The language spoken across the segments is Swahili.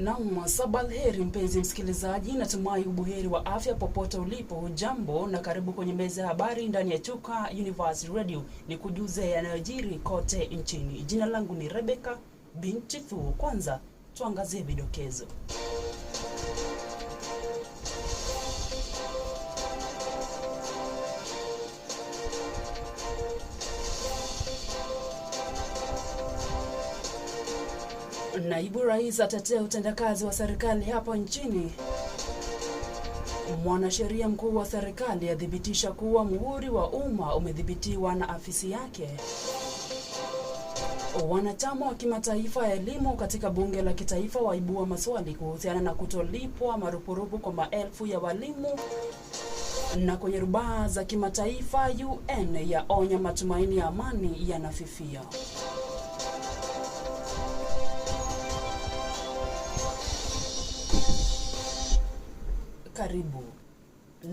Naam, sabalheri mpenzi msikilizaji, natumai ubuheri wa afya popote ulipo. Jambo na karibu kwenye meza ya habari ndani ya Chuka Universe Radio, ni kujuze yanayojiri kote nchini. Jina langu ni Rebecca Binchithu. Kwanza tuangazie vidokezo Naibu Rais atetea utendakazi wa serikali hapa nchini. Mwanasheria mkuu wa serikali athibitisha kuwa muhuri wa umma umedhibitiwa na afisi yake. Wanachama wa kimataifa ya elimu katika bunge la kitaifa waibua maswali kuhusiana na kutolipwa marupurupu kwa maelfu ya walimu. Na kwenye rubaa za kimataifa, UN yaonya matumaini ya amani yanafifia. Karibu.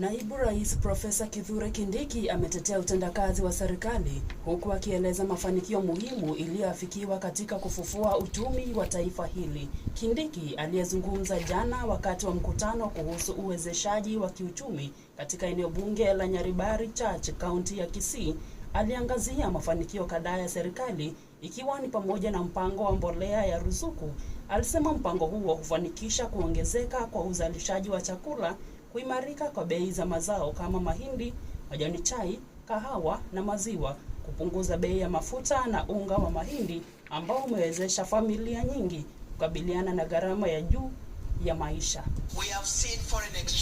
Naibu Rais Profesa Kithure Kindiki ametetea utendakazi wa serikali huku akieleza mafanikio muhimu iliyoafikiwa katika kufufua uchumi wa taifa hili. Kindiki aliyezungumza jana wakati wa mkutano kuhusu uwezeshaji wa kiuchumi katika eneo bunge la Nyaribari Church, kaunti ya Kisii, aliangazia mafanikio kadhaa ya serikali ikiwa ni pamoja na mpango wa mbolea ya ruzuku. Alisema mpango huo hufanikisha kuongezeka kwa uzalishaji wa chakula, kuimarika kwa bei za mazao kama mahindi, majani chai, kahawa na maziwa, kupunguza bei ya mafuta na unga wa mahindi ambao umewezesha familia nyingi kukabiliana na gharama ya juu ya maisha. We have seen